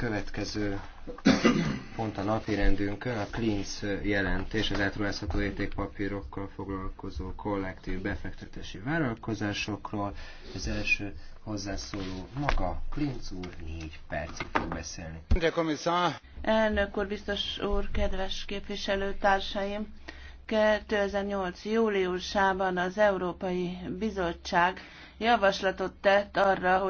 következő pont a napirendünkön a CLINC jelentés, az átruházható értékpapírokkal foglalkozó kollektív befektetési vállalkozásokról. Az első hozzászóló maga CLINC úr négy percig fog beszélni. Elnök úr, biztos úr, kedves képviselőtársaim! 2008. júliusában az Európai Bizottság javaslatot tett arra, hogy